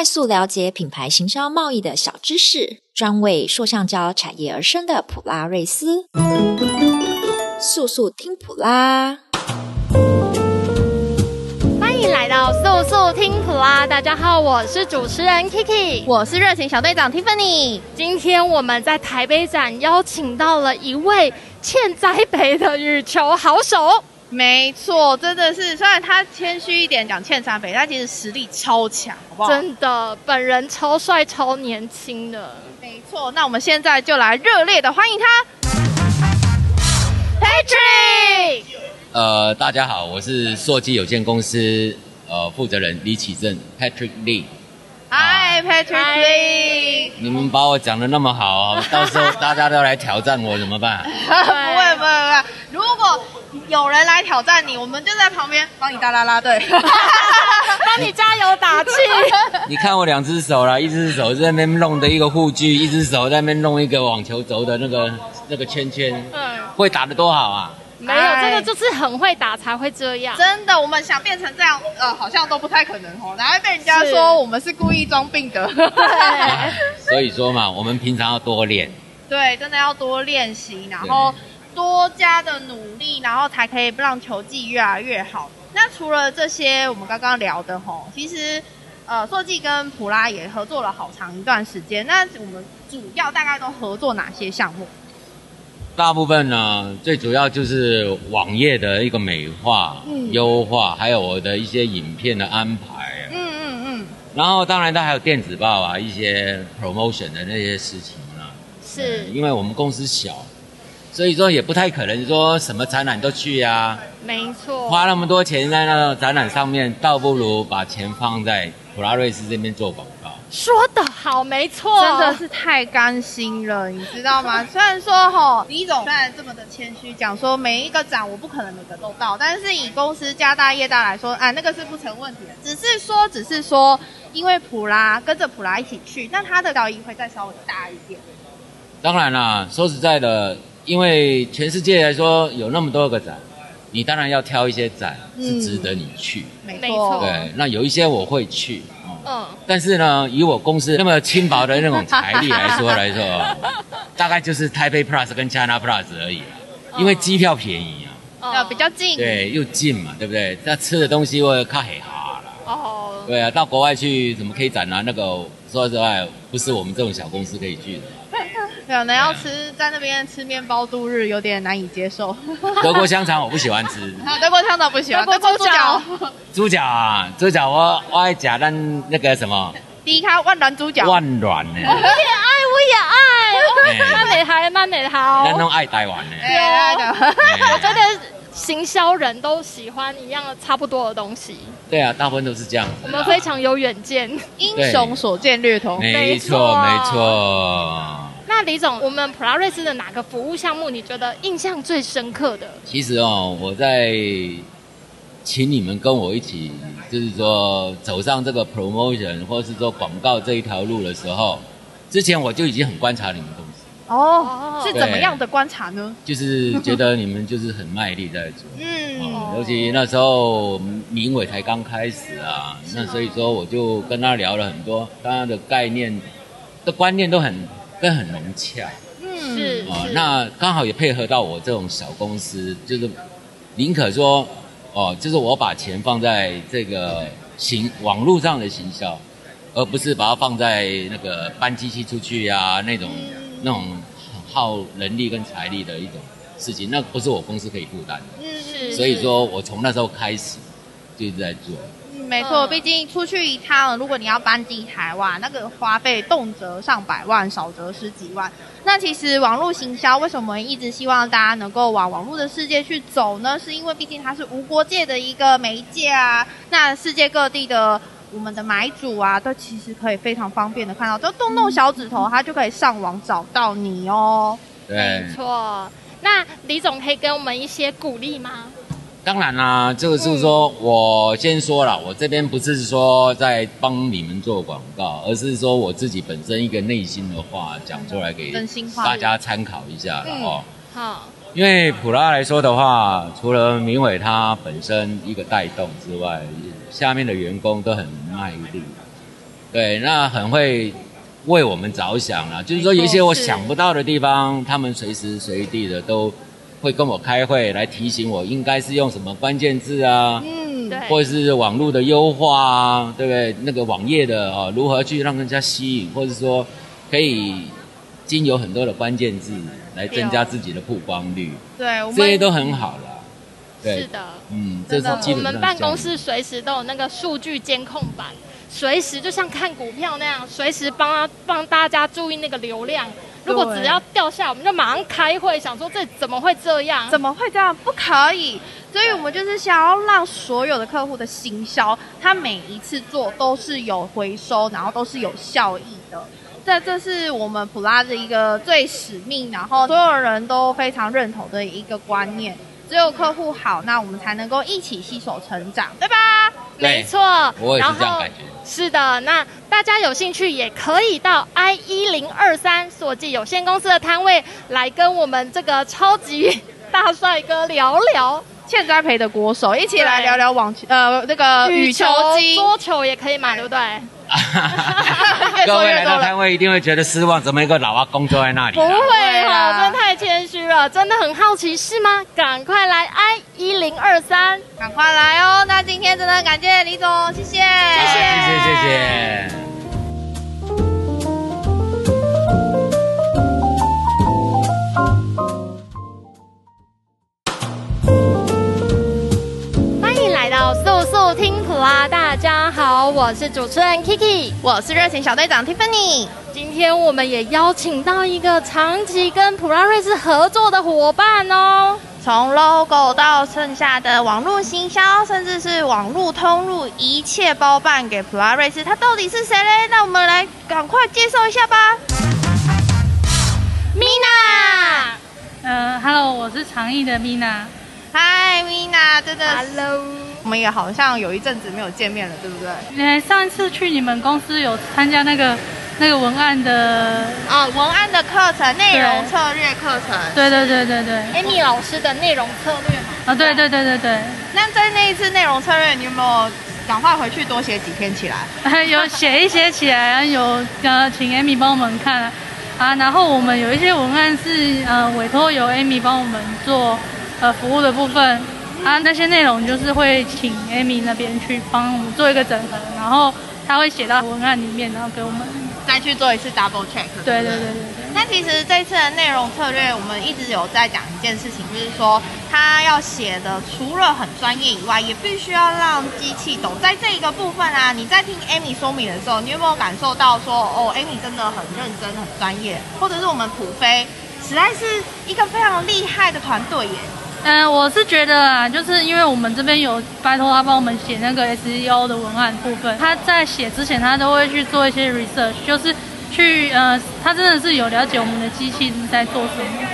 快速了解品牌行銷貿易的小知識，專為塑橡膠產業而生的普拉瑞斯，速速聽普拉！歡迎來到速速聽普拉！大家好，我是主持人 Kiki，我是熱情小隊長 Tiffany。今天我們在台北展邀請到了一位欠栽培的羽球好手。沒錯，真的是，雖然他謙虛一點講欠三肥，但其實實力超強，好不好？真的，本人超帥、超年輕的。沒錯，那我們現在就來熱烈的歡迎他，Patrick。呃，大家好，我是塑技有限公司，呃，負責人李啟正，Patrick Lee。嗨，Patrick Lee。啊、Hi 你們把我講得那麼好，哦， 到時候大家都來挑戰我 怎麼辦？ 不會，不會，不會。有人來挑戰你，我們就在旁邊幫你打啦啦隊，幫 你加油打氣。你看我兩只手了，一只手在那邊弄的一個護具，一只手在那邊弄一個網球肘的那個那個圈圈。嗯、啊，啊、會打得多好啊！沒有，這個就是很會打才會這樣。真的，我們想變成這樣，呃，好像都不太可能哦。哪會被人家說是我們是故意裝病的對、啊？所以說嘛，我們平常要多練。對，真的要多練習，然後。多加的努力，然後才可以讓球技越來越好。那除了這些，我們剛剛聊的吼，其實，呃，塑技跟普拉也合作了好長一段時間。那我們主要大概都合作哪些項目？大部分呢，最主要就是網頁的一個美化、嗯、優化，還有我的一些影片的安排。嗯嗯嗯。嗯嗯，然後當然，它還有電子報啊，一些 promotion 的那些事情啦、啊。是、嗯。因為我們公司小。所以說也不太可能說什麼展覽都去呀，啊，沒錯。花那麼多錢在那個展覽上面，錯倒不如把錢放在普拉瑞斯這邊做廣告。說得好，沒錯，真的是太甘心了，你知道嗎？ 雖然說吼，哦，李總雖然這麼的謙虛講說，每一個展我不可能每個都到，但是以公司家大業大來說，啊，那個是不成問題的。只是說，只是說，因為普拉跟着普拉一起去，那他的效益會再稍微大一點。當然啦，說實在的。因為全世界來說，有那麼多個展，你當然要挑一些展是值得你去。嗯、沒錯。對，那有一些我會去。嗯。嗯，但是呢，以我公司那麼輕薄的那種財力來說來說 大概就是台北 PLAS 跟 China PLAS 而已，嗯、因為機票便宜啊。啊、嗯，比較近。對，又近嘛，對不對？那吃的東西我靠黑哈了。哦。對啊，到國外去怎麼可以展呢、啊？那個說實話，不是我們這種小公司可以去的。可能要吃在那邊吃麵包度日，有點難以接受。德國香腸我不喜歡吃。德國香腸不喜歡，德國豬腳。豬腳，啊豬腳，我我愛假蛋那個什麼。迪卡萬軟豬腳。萬軟呢？我也愛，我也愛。南美好，南美好。用愛台灣呢。用愛台灣。我覺得行銷人都喜歡一樣差不多的東西。對啊，大部分都是這樣。我們非常有遠見，英雄所見略同。沒錯，沒錯。那李總，我們普拉瑞斯的哪個服務項目你覺得印象最深刻的？其實哦，我在請你們跟我一起，就是說走上這個 promotion 或是說廣告這一條路的時候，之前我就已經很觀察你們公司。哦、oh, 對，是怎麼樣的觀察呢？就是覺得你們就是很賣力在做，嗯， 尤其那時候明偉才剛開始啊，那所以說我就跟他聊了很多，他的概念、的觀念都很。更很融洽，嗯，是啊、呃，那剛好也配合到我這種小公司，就是寧可說，哦、呃，就是我把錢放在這個行，網絡上的行銷，而不是把它放在那個搬機器出去呀、啊、那種、嗯、那種耗人力跟財力的一種事情，那不是我公司可以負擔的，嗯，是，是，所以說我從那時候開始，就一直在做。沒錯，畢竟出去一趟，如果你要搬機台，哇，那個花費動輒上百萬，少則十幾萬。那其實網絡行銷，為什麼一直希望大家能夠往網絡的世界去走呢？是因為畢竟它是無國界的一個媒介啊。那世界各地的我們的買主啊，都其實可以非常方便的看到，都動動小指頭，它就可以上網找到你哦。對沒錯，那李總可以給我們一些鼓勵嗎？當然啦，這個就是說，我先說了，嗯、我這邊不是說在幫你們做廣告，而是說我自己本身一個內心的話講出來，給大家參考一下了哦、嗯。好，因為普拉來說的話，除了明偉他本身一個帶動之外，下面的員工都很賣力，對，那很會為我們着想啦。就是說，有一些我想不到的地方，是他們隨時隨地的都。會跟我開會來提醒我，應該是用什麼關鍵字啊？嗯，對，或者是網絡的優化啊，對不對？那個網頁的啊，如何去讓人家吸引，或者說可以經由很多的關鍵字來增加自己的曝光率。對，哦、對，我們這些都很好啦。對是的，嗯，真的。是的我們辦公室隨時都有那個數據監控板，隨時就像看股票那樣，隨時幫他幫大家注意那個流量。如果只要掉下來，我們就馬上開會，想說這怎麼會這樣？怎麼會這樣？不可以！所以我們就是想要讓所有的客戶的行銷，他每一次做都是有回收，然後都是有效益的。這這是我們普拉的一個最使命，然後所有人都非常認同的一個觀念。只有客戶好，那我們才能夠一起攜手成長，對吧？沒錯，然後是的，那大家有興趣也可以到 I 一零二三塑技有限公司的攤位來跟我們這個超級大帥哥聊聊。欠栽培的國手，一起來聊聊網球。對呃那個羽球、球桌球也可以買對不對？說各位來到攤位一定會覺得失望，怎麼一個老阿公坐在那裡？不會哈，真真太謙虛了， 真的很好奇是嗎？趕快來 I 一零二三，趕快來哦！那今天真的感謝李總謝謝謝謝，謝謝，謝謝，謝謝。速速聽普拉，大家好，我是主持人 Kiki，我是熱情小隊長 Tiffany。今天我們也邀請到一個長期跟普拉瑞斯合作的夥伴哦，從 logo 到剩下的網絡行銷，甚至是網絡通路，一切包辦給普拉瑞斯。他到底是誰呢？那我們來趕快介紹一下吧。Mina，嗯、呃、，Hello，我是長毅的 Hi, Mina。Hi，Mina，真的 Hello。我們也好像有一陣子沒有見面了，對不對？嗯，上一次去你們公司有參加那個那個文案的啊、哦，文案的課程，內容策略課程。對對對對對，對，Amy 我老師的內容策略嗎？啊、哦，對對對對對。對對對，那在那一次內容策略，你有沒有趕快回去多寫幾篇起來、呃？有寫一寫起來，有呃，請 Amy 幫我們看啊。然後我們有一些文案是呃委託由 Amy 幫我們做呃服務的部分。啊，那些內容就是會請 Amy 那邊去幫我們做一個整合，然後他會寫到文案裡面，然後給我們再去做一次 double check。對對對對。那其實這次的內容策略，我們一直有在講一件事情，就是說他要寫的除了很專業以外，也必須要讓機器懂。在這一個部分啊，你在聽 Amy 說明的時候，你有沒有感受到說，哦，Amy 真的很認真、很專業，或者是我們普飛實在是一個非常厲害的團隊耶。嗯、呃，我是覺得啊，就是因為我們這邊有拜托他幫我們寫那個 SEO 的文案的部分，他在寫之前他都會去做一些 research，就是去呃，他真的是有了解我們的機器在做什麼，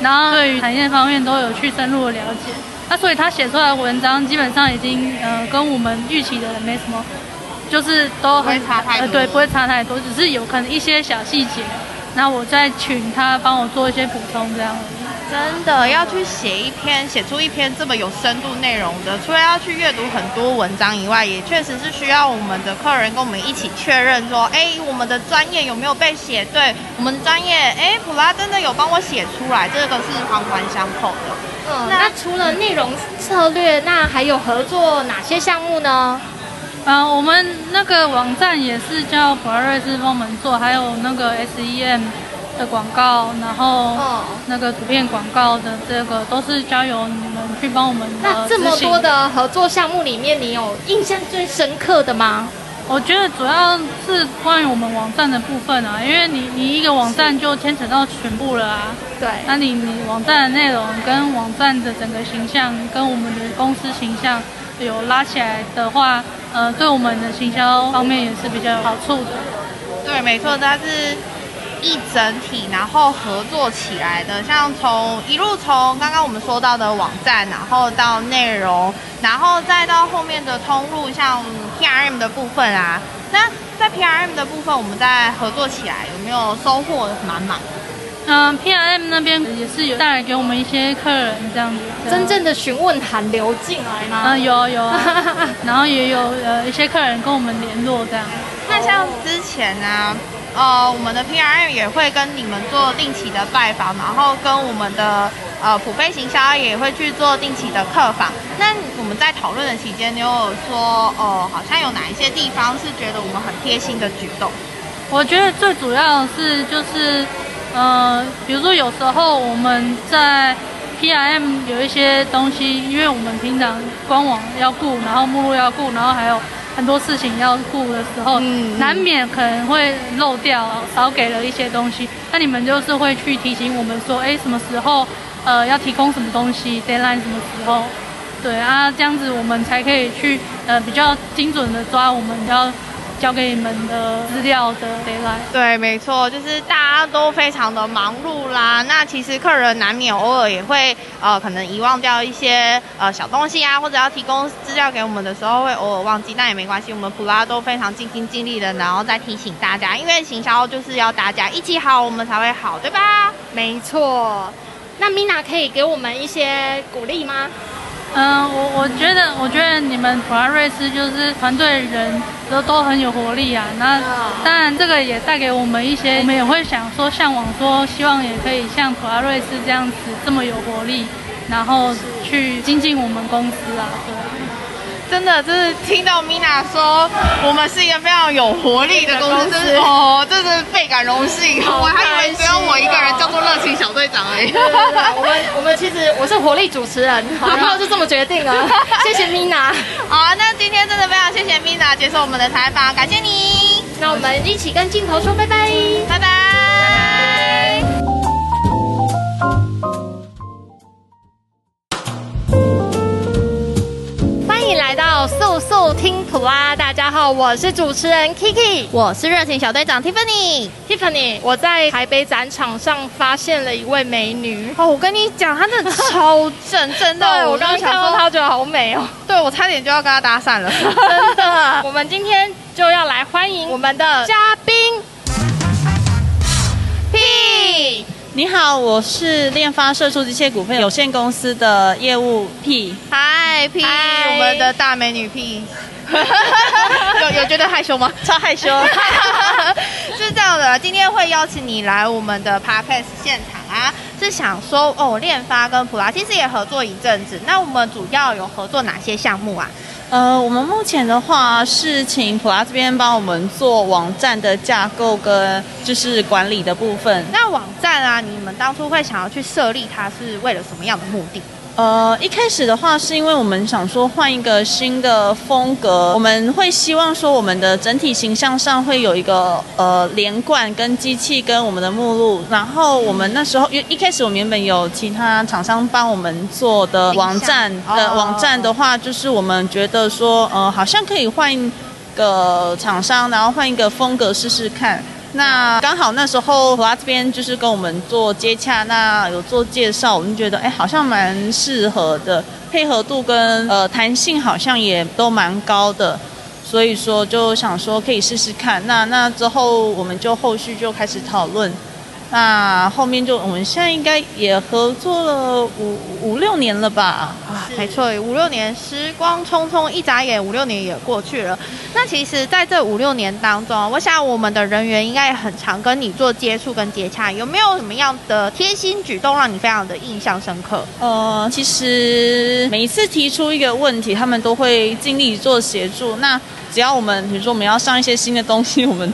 然後對於產業方面都有去深入的了解，那、啊、所以他寫出來的文章基本上已經呃跟我們預期的沒什麼，就是都很差太多。呃對，不會差太多，只是有可能一些小細節，那我再請他幫我做一些補充這樣。真的要去寫一篇，寫出一篇這麼有深度內容的，除了要去閱讀很多文章以外，也確實是需要我們的客人跟我們一起確認說，哎，我們的專業有沒有被寫對？我們專業，哎，普拉真的有幫我寫出來，這個是環環相扣的。嗯，那，那除了內容策略，嗯、那還有合作哪些項目呢？嗯、呃，我們那個網站也是叫普拉瑞斯幫我們做，還有那個 SEM。的廣告，然後、哦、那個圖片廣告的這個都是交由你們去幫我們的。那這麼多的合作項目裡面，你有印象最深刻的嗎？我覺得主要是關於我們網站的部分啊，因為你你一個網站就牽扯到全部了啊。對。是。那你你網站的內容跟網站的整個形象跟我們的公司形象有拉起來的話，呃，對我們的行銷方面也是比較有、嗯、好處的。對，沒錯，但是。一整體，然後合作起來的，像從一路從剛剛我們說到的網站，然後到內容，然後再到後面的通路，像 P R M 的部分啊。那在 P R M 的部分，我們再合作起來有沒有收穫滿滿？嗯，P R M 那邊也是有帶來給我們一些客人這樣子的，真正的詢問函流進來嗎？嗯、呃，有、啊、有、啊、 然後也有呃一些客人跟我們聯絡這樣。那像之前呢、啊？呃，我們的 P R M 也會跟你們做定期的拜訪，然後跟我們的呃普飛行銷也會去做定期的客訪。那我們在討論的期間，你有，有說，哦、呃，好像有哪一些地方是覺得我們很貼心的舉動？我覺得最主要的是就是，呃，比如說有時候我們在 P R M 有一些東西，因為我們平常官網要顧，然後目錄要顧，然後還有。很多事情要顧的時候，嗯嗯、難免可能會漏掉、少給了一些東西。那你們就是會去提醒我們說，哎、欸，什麼時候，呃，要提供什麼東西，Deadline 什麼時候？對啊，這樣子我們才可以去，呃，比較精準的抓我們要。交給你們的資料的帶來，對，沒錯，就是大家都非常的忙碌啦。那其實客人難免偶爾也會，呃，可能遺忘掉一些呃小東西啊，或者要提供資料給我們的時候，會偶爾忘記，那也沒關係，我們普拉都非常盡心盡力的，然後再提醒大家，因為行銷就是要大家一起好，我們才會好，對吧？沒錯。那 Mina 可以給我們一些鼓勵嗎？嗯，我我覺得，我覺得你們普拉瑞斯就是團隊人都都很有活力啊。那當然，這個也帶給我們一些，我們也會想說嚮往，說希望也可以像普拉瑞斯這樣子這麼有活力，然後去精進我們公司啊。對。真的，就是聽到 Mina 說，我們是一個非常有活力的公司，司這是哦，真的倍感榮幸。我、哦、還以為只有我一個人叫做熱情小隊長哎。對對對， 我們我們其實我是活力主持人，然後、啊、 就這麼決定了、啊。 謝謝 Mina。好、啊，那今天真的非常謝謝 Mina 接受我們的採訪，感謝你。那我們一起跟鏡頭說拜拜，拜拜。聽普拉大家好，我是主持人 Kiki，我是熱情小隊長 Tiffany，Tiffany，我在台北展場上發現了一位美女哦，我跟你講，她真的超正，正到 我剛剛想說她覺得好美哦，對，我，剛剛哦 對我差點就要跟她搭訕了， 真的。 我們今天就要來歡迎我們的嘉賓 P，你好，我是鏈發射出機械股份有限公司的業務 P，嗨 Hi , P，Hi 我們的大美女 P。 有有覺得害羞嗎？超害羞， 是這樣的。今天會邀請你來我們的 podcast 現場啊，是想說哦，我鏈發跟普拉其實也合作一陣子。那我們主要有合作哪些項目啊？呃，我們目前的話是請普拉這邊幫我們做網站的架構跟就是管理的部分。那網站啊，你們當初會想要去設立它是為了什麼樣的目的？呃，一開始的話，是因為我們想說，換一個新的風格，我們會希望說我們的整體形象上會有一個呃連貫跟機器跟我們的目錄。然後我們那時候一一開始我們原本有其他廠商幫我們做的網站、哦、的網站的話，就是我們覺得說呃好像可以換一個廠商，然後換一個風格試試看。那剛好那時候和他這邊就是跟我們做接洽，那有做介紹，我們覺得哎好像蠻適合的，配合度跟呃彈性好像也都蠻高的，所以說就想說可以試試看。那那之後我們就後續就開始討論。那後面就我們現在應該也合作了五五六年了吧？啊，沒錯，五六年，時光匆匆一眨眼，五六年也過去了。 那其實，在這五六年當中，我想我們的人員應該很常跟你做接觸跟接洽，有沒有什麼樣的貼心舉動讓你非常的印象深刻？呃，其實每一次提出一個問題，他們都會盡力做協助。那只要我們，比如說我們要上一些新的東西，我們。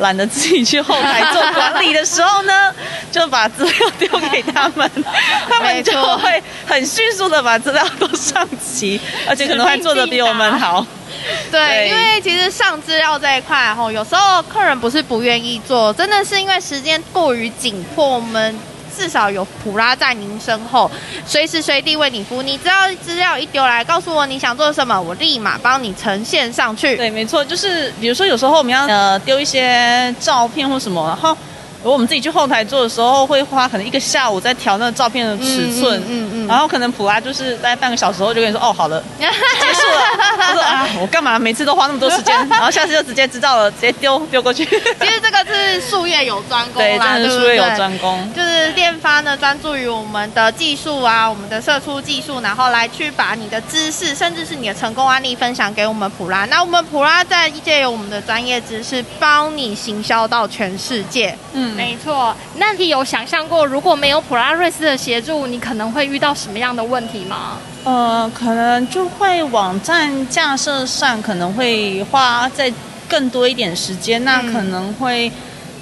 懶得自己去後台做管理的時候呢， 就把資料丟給他們，錯他們就會很迅速的把資料都上齊，而且可能會做得比我們好。定定對，對，因為其實上資料這一塊吼，有時候客人不是不願意做，真的是因為時間過於緊迫，我們。至少有普拉在您身後，隨時隨地為你服務。你只要資料一丟來，告訴我你想做什麼，我立馬幫你呈現上去。對，沒錯，就是比如說，有時候我們要呃丟一些照片或什麼，然後。如果我們自己去後台做的時候，會花可能一個下午在調那個照片的尺寸，嗯嗯，嗯嗯嗯，然後可能普拉就是在半個小時後就跟你說，哦，好了，結束了。我 說啊，我幹嘛每次都花那麼多時間？然後下次就直接知道了，直接丟丟過去。 其實這個是術業有專攻啦，對對，是術業有專攻。對對，就是鏈發呢，專注於我們的技術啊，我們的射出技術，然後來去把你的知識，甚至是你的成功案例分享給我們普拉。那我們普拉再藉由我們的專業知識，幫你行銷到全世界。嗯。沒錯，那你有想象過，如果沒有普拉瑞斯的協助，你可能會遇到什麼樣的問題嗎？呃，可能就會網站架設上可能會花在更多一點時間，嗯、那可能會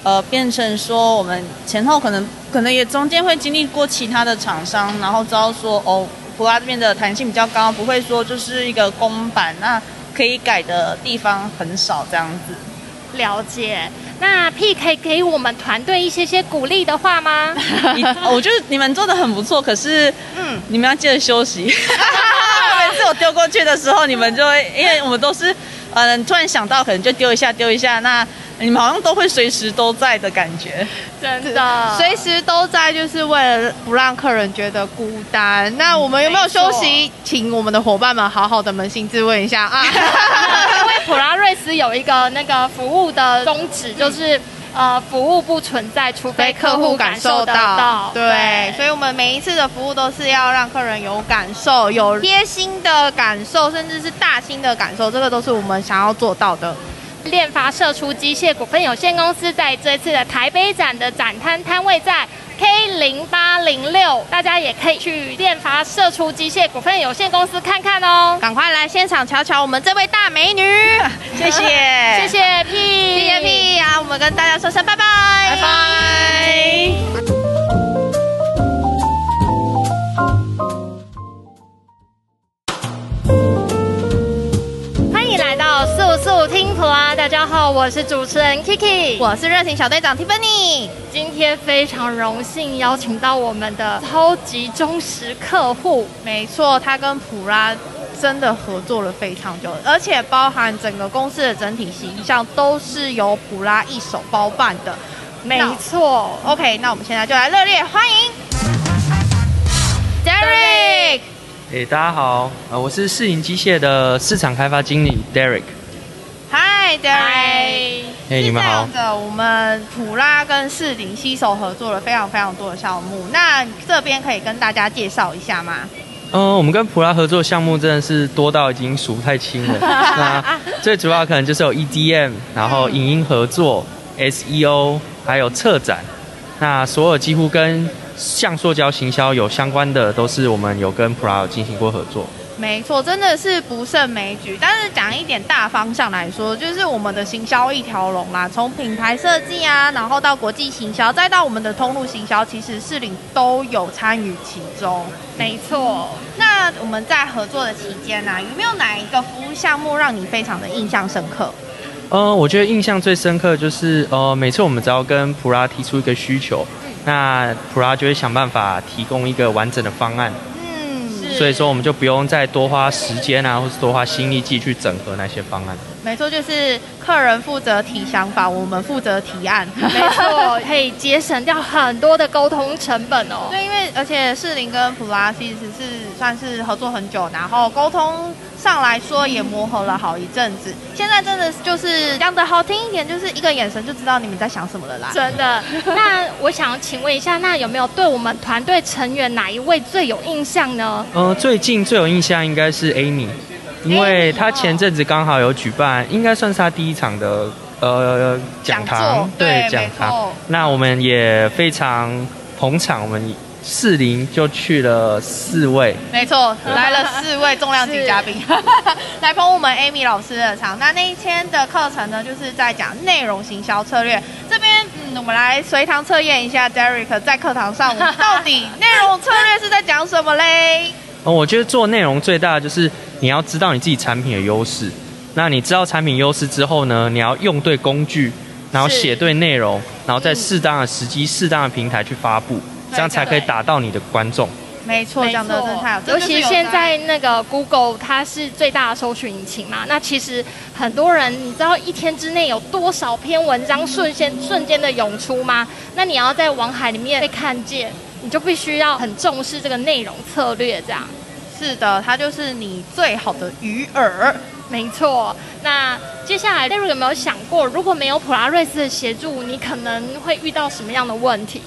呃變成說我們前後可能可能也中間會經歷過其他的廠商，然後知道說，哦，普拉這邊的彈性比較高，不會說就是一個公版，那可以改的地方很少這樣子。了解。那 P 可以給我們團隊一些些鼓勵的話嗎？ 我覺得你們做得很不錯，可是，嗯，你們要記得休息。 每次我丟過去的時候，你們就會，因為我們都是。嗯，突然想到，可能就丟一下，丟一下。那你們好像都會隨時都在的感覺，真的隨時都在，就是為了不讓客人覺得孤單。那我們有沒有休息？嗯、請我們的夥伴們好好的捫心自問一下啊、 嗯，因為普拉瑞斯有一個那個服務的宗旨，就是。呃，服務不存在，除非客戶感受到。受到對，對，所以我們每一次的服務都是要讓客人有感受，有貼心的感受，甚至是大心的感受，這個都是我們想要做到的。鏈發射出機械股份有限公司在這次的台北展的展攤攤位在 K 零八零六，大家也可以去鏈發射出機械股份有限公司看看哦！趕快來現場瞧瞧我們這位大美女， 謝謝。我們跟大家說聲拜拜！拜拜！歡迎來到素素聽普拉，大家好，我是主持人 Kiki，我是熱情小隊長 Tiffany，今天非常榮幸邀請到我們的超級忠實客戶，沒錯，他跟普拉。真的合作了非常久，而且包含整個公司的整體形象都是由普拉一手包辦的，沒錯。No. OK，那我們現在就來熱烈歡迎 Derek。Hey, 大家好，啊，我是世林機械的市場開發經理 Derek。Hi Derek。Hi. Hey, 你們好。是這樣的，我們普拉跟世林攜手合作了非常非常多的項目，那這邊可以跟大家介紹一下嗎？嗯、哦，我們跟普拉合作的項目真的是多到已經數不太清了。那最主要可能就是有 EDM，然後影音合作、SEO，還有策展。那所有幾乎跟像塑膠行銷有相關的，都是我們有跟普拉有進行過合作。沒錯，真的是不勝枚舉。但是講一點大方向來說，就是我們的行銷一條龍啦、啊，從品牌設計啊，然後到國際行銷，再到我們的通路行銷，其實世林都有參與其中。沒錯。那我們在合作的期間呢、啊，有沒有哪一個服務項目讓你非常的印象深刻？呃，我覺得印象最深刻就是，呃，每次我們只要跟普拉提出一個需求，那普拉就會想辦法提供一個完整的方案。所以說，我們就不用再多花時間啊，或者多花心力繼續去整合那些方案。沒錯，就是客人負責提想法，我們負責提案。 沒錯錯， 可以節省掉很多的溝通成本哦。對，因為而且世林跟普拉西其實是算是合作很久，然後溝通。上來說也磨合了好一陣子，嗯、現在真的就是講的好聽一點，就是一個眼神就知道你們在想什麼了啦。真的。那我想請問一下，那有沒有對我們團隊成員哪一位最有印象呢？呃、嗯，最近最有印象應該是 Amy，因為她前陣子剛好有舉辦，應該算是她第一場的呃講堂，講座對講堂。錯那我們也非常捧場，我們。四零就去了四位，沒錯，嗎來了四位重量級嘉賓是 來捧我們 Amy 老師的場。那那一天的課程呢，就是在講內容行銷策略。這邊，嗯，我們來隨堂測驗一下，Derek 在課堂上我到底內容策略是在講什麼嘞？哦，我覺得做內容最大的就是你要知道你自己產品的優勢。那你知道產品優勢之後呢，你要用對工具，然後寫對內容，然後在適當的時機、嗯、適當的平台去發布。這樣才可以打到你的觀眾。沒錯，沒錯，尤其現在那個 Google 它是最大的搜尋引擎嘛，那其實很多人，你知道一天之內有多少篇文章瞬間瞬間的湧出嗎？那你要在網海裡面被看見，你就必須要很重視這個內容策略。這樣。是的，它就是你最好的魚餌。沒錯。那接下來 Derek 有沒有想過，如果沒有普拉瑞斯的協助，你可能會遇到什麼樣的問題？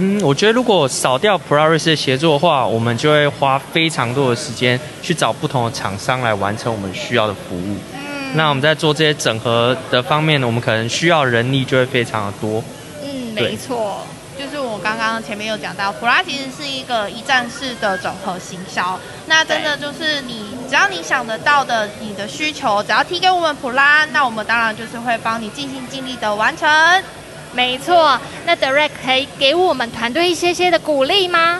嗯，我覺得如果少掉普拉瑞斯的協助的話，我們就會花非常多的時間去找不同的廠商來完成我們需要的服務。嗯，那我們在做這些整合的方面，我們可能需要人力就會非常的多。嗯，對沒錯，就是我剛剛前面有講到，普拉其實是一個一站式的整合行銷。那真的就是你對只要你想得到的，你的需求只要提給我們普拉，那我們當然就是會幫你盡心盡力的完成。沒錯，那 Derek 可以給我們團隊一些些的鼓勵嗎？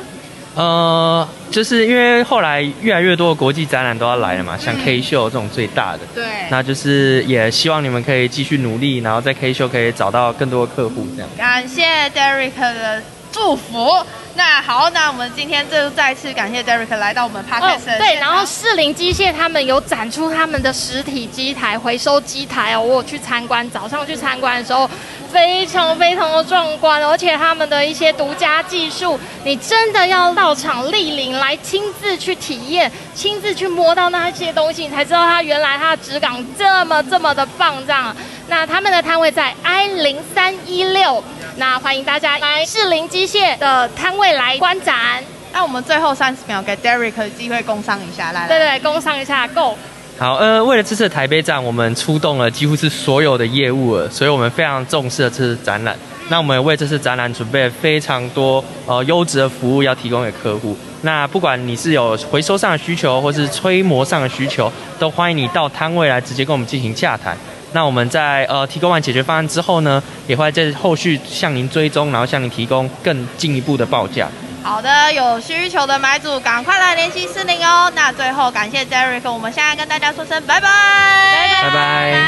呃，就是因為後來越來越多的國際展覽都要來了嘛，嗯、像 K 秀這種最大的，對，那就是也希望你們可以繼續努力，然後在 K 秀可以找到更多的客戶，這樣。感謝 Derek 的祝福。那好，那我們今天就再次感謝 Derek 來到我們 podcast、哦、對，然後世林機械他們有展出他們的實體機台、回收機台哦，我有去參觀。早上我去參觀的時候。嗯非常非常的壯觀，而且他們的一些獨家技術，你真的要到場蒞臨來親自去體驗，親自去摸到那些東西，你才知道它原來它的質感這麼這麼的棒，這樣。那他們的攤位在 I 零三一六，那歡迎大家來世林機械的攤位來觀展。那我們最後三十秒給 Derek 的機會工商一下，來對，對對，工商一下夠。Go 好，呃，為了這次台北展，我們出動了幾乎是所有的業務了，所以我們非常重視這次的展覽。那我們也為這次展覽準備了非常多，呃，優質的服務要提供給客戶。那不管你是有回收上的需求，或是吹膜上的需求，都歡迎你到攤位來直接跟我們進行洽談。那我們在呃提供完解決方案之後呢，也會在後續向您追蹤，然後向您提供更進一步的報價。好的，有需求的買主，趕快來聯繫世林哦。那最後感謝 Derek，我們現在跟大家說聲拜拜，拜拜拜拜。